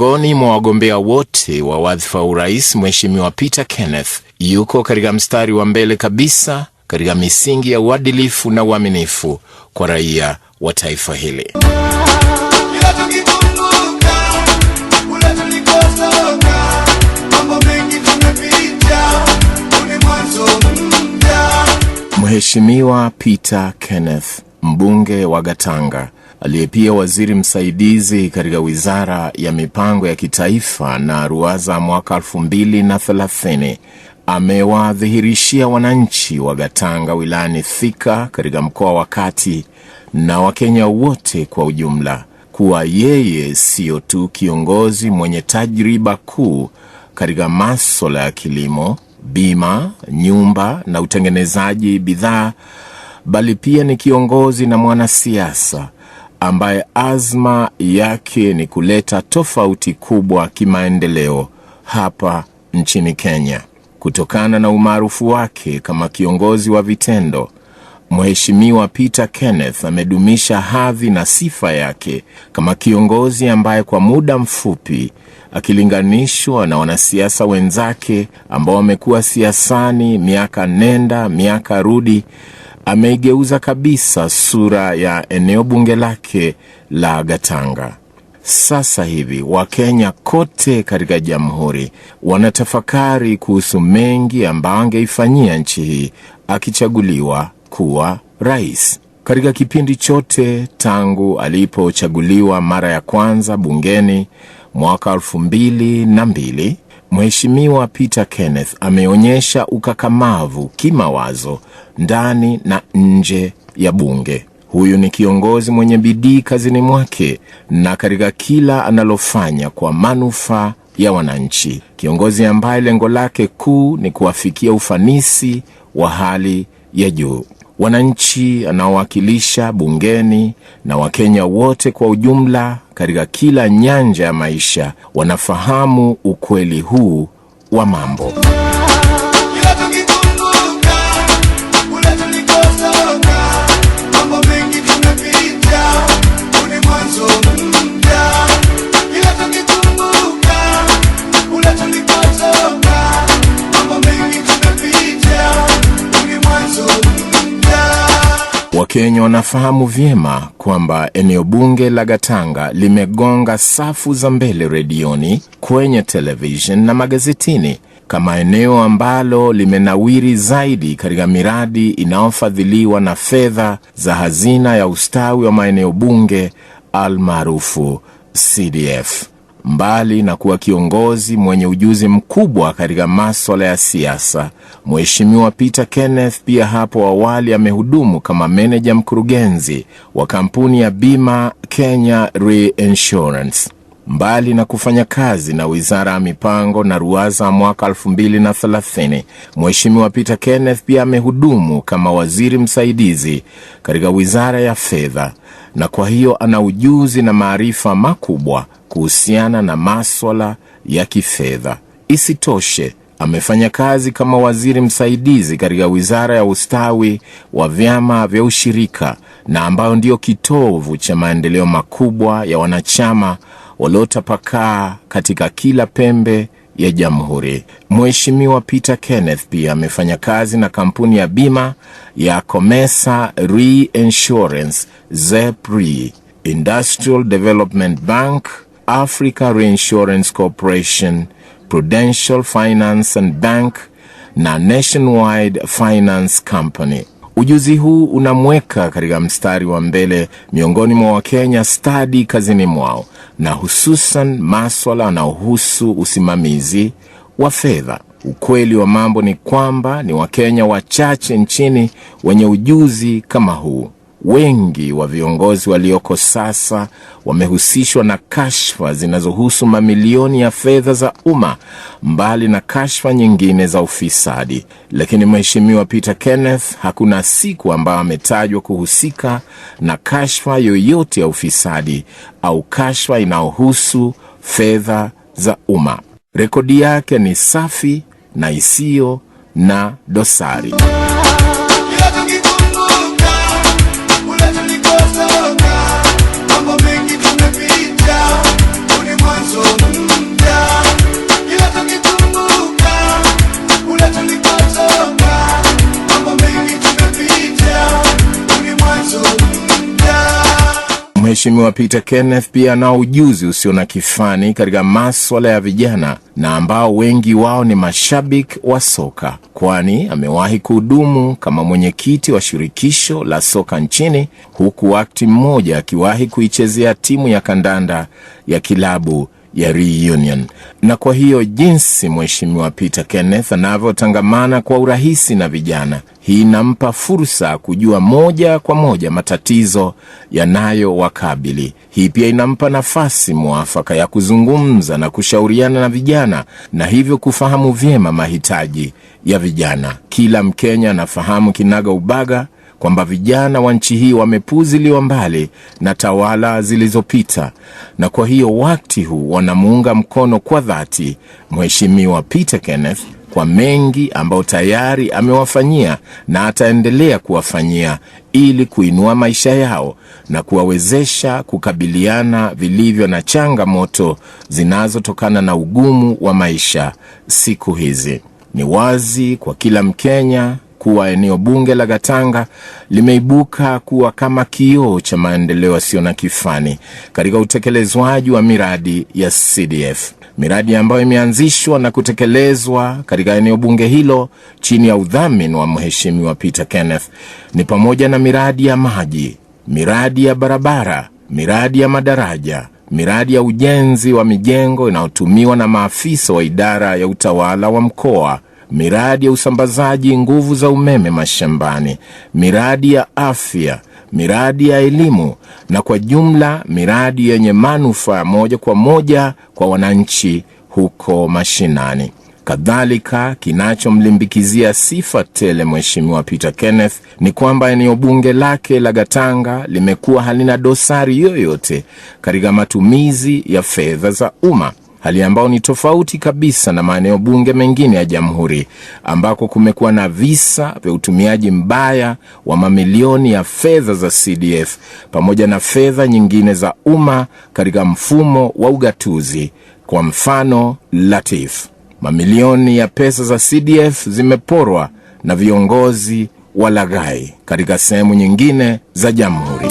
Miongoni mwa wagombea wote wa wadhifa wa urais, Mheshimiwa Peter Kenneth yuko katika mstari wa mbele kabisa katika misingi ya uadilifu na uaminifu kwa raia wa taifa hili. Mheshimiwa Peter Kenneth, mbunge wa Gatanga aliye pia waziri msaidizi katika wizara ya mipango ya kitaifa na ruaza mwaka 2030 amewadhihirishia wananchi wa Gatanga wilayani Thika katika mkoa wa Kati na Wakenya wote kwa ujumla kuwa yeye siyo tu kiongozi mwenye tajriba kuu katika masuala ya kilimo, bima, nyumba na utengenezaji bidhaa, bali pia ni kiongozi na mwanasiasa ambaye azma yake ni kuleta tofauti kubwa kimaendeleo hapa nchini Kenya. Kutokana na umaarufu wake kama kiongozi wa vitendo, Mheshimiwa Peter Kenneth amedumisha hadhi na sifa yake kama kiongozi ambaye kwa muda mfupi akilinganishwa na wanasiasa wenzake ambao wamekuwa siasani miaka nenda miaka rudi ameigeuza kabisa sura ya eneo bunge lake la Gatanga. Sasa hivi Wakenya kote katika jamhuri wanatafakari kuhusu mengi ambayo angeifanyia nchi hii akichaguliwa kuwa rais. Katika kipindi chote tangu alipochaguliwa mara ya kwanza bungeni mwaka elfu mbili na mbili Mheshimiwa Peter Kenneth ameonyesha ukakamavu kimawazo ndani na nje ya bunge. Huyu ni kiongozi mwenye bidii kazini mwake na katika kila analofanya kwa manufaa ya wananchi, kiongozi ambaye lengo lake kuu ni kuwafikia ufanisi wa hali ya juu wananchi anaowakilisha bungeni na Wakenya wote kwa ujumla katika kila nyanja ya maisha wanafahamu ukweli huu wa mambo. Wakenya wanafahamu vyema kwamba eneo bunge la Gatanga limegonga safu za mbele redioni, kwenye television na magazetini kama eneo ambalo limenawiri zaidi katika miradi inayofadhiliwa na fedha za hazina ya ustawi wa maeneo bunge almaarufu CDF. Mbali na kuwa kiongozi mwenye ujuzi mkubwa katika maswala ya siasa, Mheshimiwa Peter Kenneth pia hapo awali amehudumu kama meneja mkurugenzi wa kampuni ya bima Kenya Reinsurance mbali na kufanya kazi na wizara ya mipango na ruwaza mwaka 2030, Mheshimiwa Peter Kenneth pia amehudumu kama waziri msaidizi katika wizara ya fedha, na kwa hiyo ana ujuzi na maarifa makubwa kuhusiana na maswala ya kifedha. Isitoshe, amefanya kazi kama waziri msaidizi katika wizara ya ustawi wa vyama vya ushirika na ambayo ndiyo kitovu cha maendeleo makubwa ya wanachama waliotapakaa katika kila pembe ya jamhuri. Mheshimiwa Peter Kenneth pia amefanya kazi na kampuni ya bima ya Comesa Reinsurance, ZEP Re, Industrial Development Bank, Africa Reinsurance Corporation, Prudential Finance and Bank na Nationwide Finance Company. Ujuzi huu unamweka katika mstari wa mbele miongoni mwa Wakenya stadi kazini mwao na hususan maswala yanayohusu usimamizi wa fedha. Ukweli wa mambo ni kwamba ni Wakenya wachache nchini wenye ujuzi kama huu. Wengi wa viongozi walioko sasa wamehusishwa na kashfa zinazohusu mamilioni ya fedha za umma, mbali na kashfa nyingine za ufisadi. Lakini Mheshimiwa Peter Kenneth hakuna siku ambayo ametajwa kuhusika na kashfa yoyote ya ufisadi au kashfa inayohusu fedha za umma. Rekodi yake ni safi na isiyo na dosari. Mheshimiwa Peter Kenneth pia anao ujuzi usio na kifani katika maswala ya vijana na ambao wengi wao ni mashabiki wa soka, kwani amewahi kuhudumu kama mwenyekiti wa shirikisho la soka nchini, huku wakati mmoja akiwahi kuichezea timu ya kandanda ya kilabu ya Reunion. Na kwa hiyo jinsi Mheshimiwa Peter Kenneth anavyotangamana kwa urahisi na vijana, hii inampa fursa ya kujua moja kwa moja matatizo yanayowakabili. Hii pia inampa nafasi mwafaka ya kuzungumza na kushauriana na vijana na hivyo kufahamu vyema mahitaji ya vijana. Kila Mkenya anafahamu kinaga ubaga kwamba vijana wa nchi hii wamepuziliwa mbali na tawala zilizopita, na kwa hiyo wakati huu wanamuunga mkono kwa dhati Mheshimiwa Peter Kenneth kwa mengi ambayo tayari amewafanyia na ataendelea kuwafanyia ili kuinua maisha yao na kuwawezesha kukabiliana vilivyo na changamoto zinazotokana na ugumu wa maisha siku hizi. Ni wazi kwa kila Mkenya kuwa eneo bunge la Gatanga limeibuka kuwa kama kioo cha maendeleo yasiyo na kifani katika utekelezwaji wa miradi ya CDF, miradi ambayo imeanzishwa na kutekelezwa katika eneo bunge hilo chini ya udhamini wa Mheshimiwa Peter Kenneth ni pamoja na miradi ya maji, miradi ya barabara, miradi ya madaraja miradi ya ujenzi wa mijengo inayotumiwa na maafisa wa idara ya utawala wa mkoa miradi ya usambazaji nguvu za umeme mashambani, miradi ya afya, miradi ya elimu na kwa jumla miradi yenye manufaa moja kwa moja kwa wananchi huko mashinani. Kadhalika, kinachomlimbikizia sifa tele Mheshimiwa Peter Kenneth ni kwamba eneo bunge lake la Gatanga limekuwa halina dosari yoyote katika matumizi ya fedha za umma hali ambayo ni tofauti kabisa na maeneo bunge mengine ya Jamhuri ambako kumekuwa na visa vya utumiaji mbaya wa mamilioni ya fedha za CDF pamoja na fedha nyingine za umma katika mfumo wa ugatuzi. Kwa mfano Latif, mamilioni ya pesa za CDF zimeporwa na viongozi wa lagai katika sehemu nyingine za Jamhuri.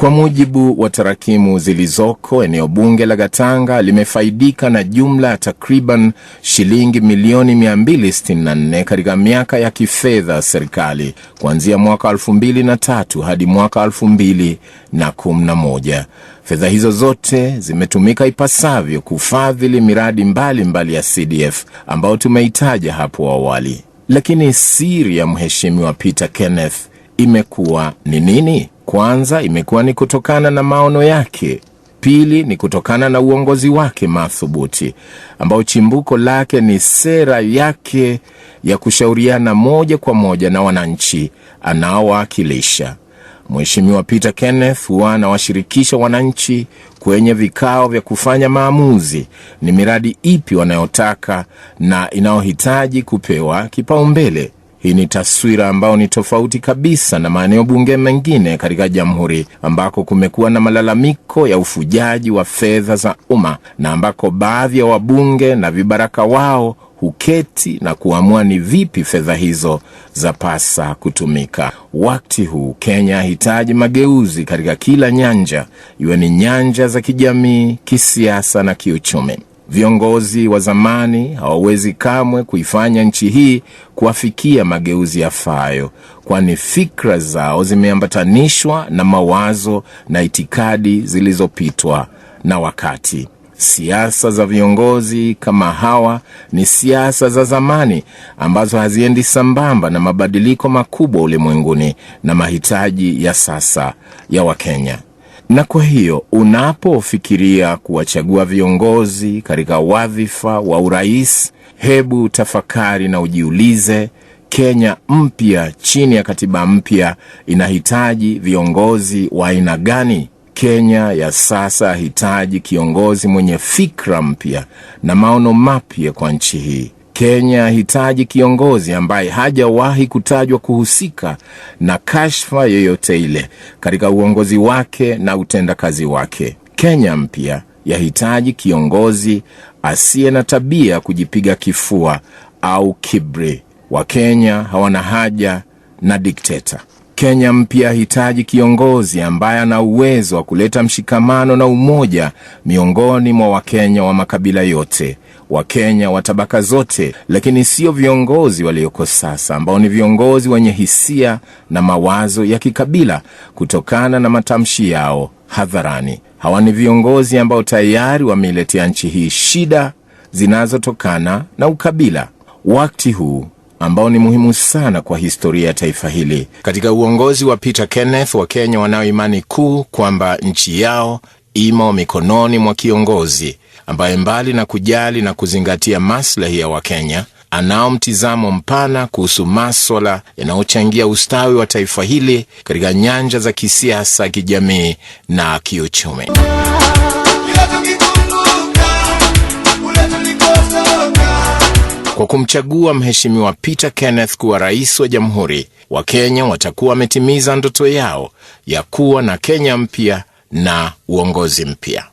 Kwa mujibu wa tarakimu zilizoko, eneo bunge la Gatanga limefaidika na jumla ya takriban shilingi milioni 264 katika miaka ya kifedha serikali kuanzia mwaka 2003 hadi mwaka 2011. Fedha hizo zote zimetumika ipasavyo kufadhili miradi mbalimbali mbali ya CDF ambayo tumeitaja hapo awali. Lakini siri ya Mheshimiwa Peter Kenneth imekuwa ni nini? Kwanza imekuwa ni kutokana na maono yake, pili ni kutokana na uongozi wake mathubuti ambao chimbuko lake ni sera yake ya kushauriana moja kwa moja na wananchi anaowakilisha. Mheshimiwa Peter Kenneth huwa anawashirikisha wananchi kwenye vikao vya kufanya maamuzi ni miradi ipi wanayotaka na inayohitaji kupewa kipaumbele. Hii ni taswira ambayo ni tofauti kabisa na maeneo bunge mengine katika jamhuri ambako kumekuwa na malalamiko ya ufujaji wa fedha za umma na ambako baadhi ya wabunge na vibaraka wao huketi na kuamua ni vipi fedha hizo za pasa kutumika. Wakati huu Kenya hahitaji mageuzi katika kila nyanja, iwe ni nyanja za kijamii, kisiasa na kiuchumi. Viongozi wa zamani hawawezi kamwe kuifanya nchi hii kuwafikia mageuzi yafayo, kwani fikra zao zimeambatanishwa na mawazo na itikadi zilizopitwa na wakati. Siasa za viongozi kama hawa ni siasa za zamani ambazo haziendi sambamba na mabadiliko makubwa ulimwenguni na mahitaji ya sasa ya Wakenya. Na kwa hiyo unapofikiria kuwachagua viongozi katika wadhifa wa urais, hebu tafakari na ujiulize, Kenya mpya chini ya katiba mpya inahitaji viongozi wa aina gani? Kenya ya sasa hitaji kiongozi mwenye fikra mpya na maono mapya kwa nchi hii. Kenya hahitaji kiongozi ambaye hajawahi kutajwa kuhusika na kashfa yoyote ile katika uongozi wake na utendakazi wake. Kenya mpya yahitaji kiongozi asiye na tabia kujipiga kifua au kibri Wakenya hawana haja na dikteta. Kenya mpya yahitaji kiongozi ambaye ana uwezo wa kuleta mshikamano na umoja miongoni mwa Wakenya wa makabila yote. Wakenya wa tabaka zote, lakini sio viongozi walioko sasa ambao ni viongozi wenye hisia na mawazo ya kikabila kutokana na matamshi yao hadharani. Hawa ni viongozi ambao tayari wameiletea nchi hii shida zinazotokana na ukabila wakati huu ambao ni muhimu sana kwa historia ya taifa hili. Katika uongozi wa Peter Kenneth, Wakenya wanayo imani kuu kwamba nchi yao imo mikononi mwa kiongozi ambaye mbali na kujali na kuzingatia maslahi ya Wakenya anao mtizamo mpana kuhusu maswala yanayochangia ustawi wa taifa hili katika nyanja za kisiasa, kijamii na kiuchumi. Kwa kumchagua Mheshimiwa Peter Kenneth kuwa rais wa jamhuri, Wakenya watakuwa wametimiza ndoto yao ya kuwa na Kenya mpya na uongozi mpya.